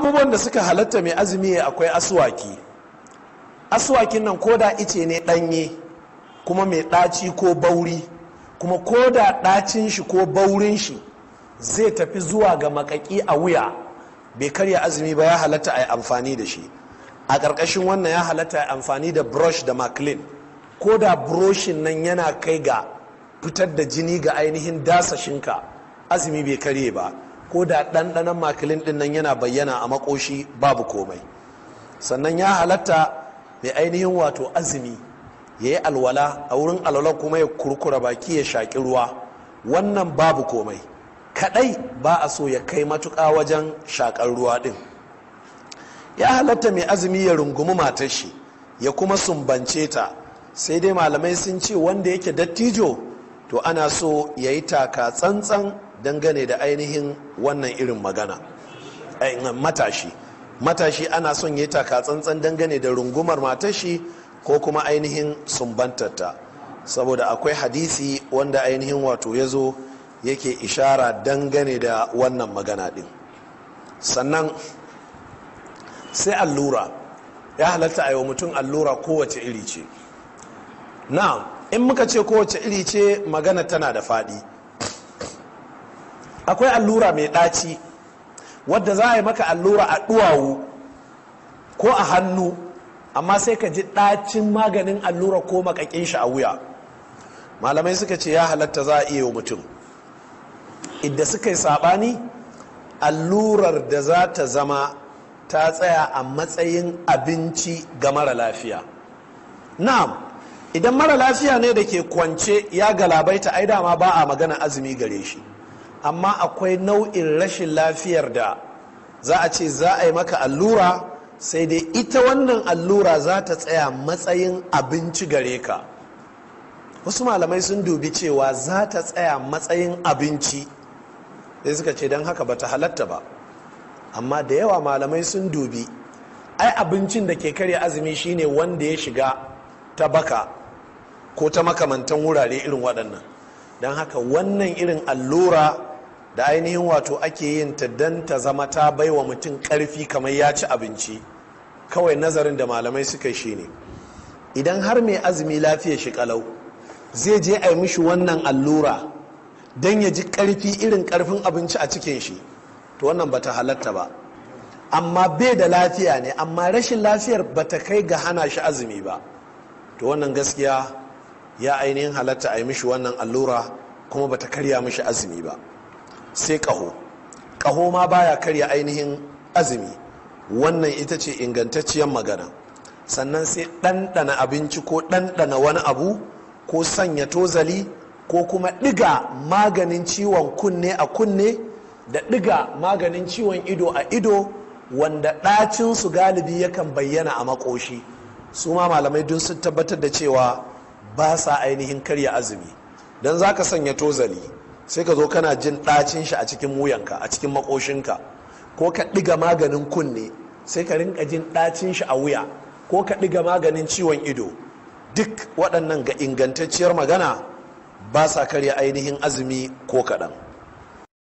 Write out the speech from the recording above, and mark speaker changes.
Speaker 1: abubuwan da suka halatta mai azumi akwai aswaki aswakin nan koda ice ne danye kuma mai ɗaci ko bauri kuma koda ɗacin shi ko baurin shi zai tafi zuwa ga makaki a wuya bai karya azumi ba ya halatta a yi amfani da shi a ƙarƙashin wannan ya halatta a yi amfani da brush da maklin ko da broshin nan yana kai ga fitar da jini ga ainihin dasashinka azumi bai karye ba ko da ɗanɗanon makilin ɗin nan yana bayyana a makoshi babu komai sannan ya halatta mai ainihin wato azumi ya yi alwala a wurin alwala kuma ya kurkura baki ya shaƙi ruwa wannan babu komai kaɗai ba a so ya kai matuƙa wajen shaƙar ruwa ɗin ya halatta mai azumi ya rungumi matar shi ya kuma sumbance ta sai dai malamai sun ce wanda yake dattijo to ana so ya yi taka tsantsan dangane da ainihin wannan irin magana eh, matashi matashi ana son ya taka tsantsan dangane da rungumar matashi ko kuma ainihin sumbantarta saboda akwai hadisi wanda ainihin wato ya zo yake ishara dangane da wannan magana din sannan sai allura ya halatta a yi wa mutum allura kowace iri ce na in muka ce kowace iri ce magana tana da faɗi akwai allura mai ɗaci wadda za a yi maka allura a duwawu ko a hannu amma sai ka ji ɗacin maganin allura ko makakin shi a wuya malamai suka ce ya halatta za a iya yi mutum idda suka yi saɓani allurar da za ta zama ta tsaya a matsayin abinci ga mara lafiya na'am idan mara lafiya ne da ke kwance ya galabaita ai dama ba a magana azumi gare shi amma akwai nau'in rashin lafiyar da za a ce za a yi maka allura sai dai ita wannan allura za ta tsaya matsayin abinci gare ka wasu malamai sun dubi cewa za ta tsaya matsayin abinci sai suka ce don haka ba ta halatta ba amma da yawa malamai sun dubi ai abincin da ke karya azumi shine wanda ya shiga ta baka ko ta makamantan wurare irin waɗannan don haka wannan irin allura da ainihin wato ake yin ta don ta zama ta baiwa mutum karfi kamar ya ci abinci kawai nazarin da malamai suka shi ne idan har mai azumi lafiya shi kalau zai je a yi mishi wannan allura don ya ji ƙarfi irin karfin abinci a cikin shi to wannan bata halatta ba amma bai da lafiya ne amma rashin lafiyar ba ta kai ga hana shi azumi ba to wannan gaskiya ya ainihin halatta a yi mishi wannan allura kuma ba ta karya mishi azumi ba sai ƙaho ƙaho ma baya karya ainihin azumi wannan ita ce ingantacciyar magana sannan sai ɗanɗana abinci ko ɗanɗana wani abu ko sanya tozali ko kuma ɗiga maganin ciwon kunne a kunne da ɗiga maganin ciwon ido a ido wanda ɗacinsu galibi yakan bayyana a makoshi su ma malamai dun sun tabbatar da cewa ba sa ainihin karya azumi don za ka sanya tozali sai ka zo kana jin ɗacin shi a cikin wuyanka a cikin makoshinka ko ka ɗiga maganin kunne sai ka rinka jin ɗacin shi a wuya ko ka ɗiga maganin ciwon ido duk waɗannan ga ingantacciyar magana ba sa karya ainihin azumi ko kaɗan.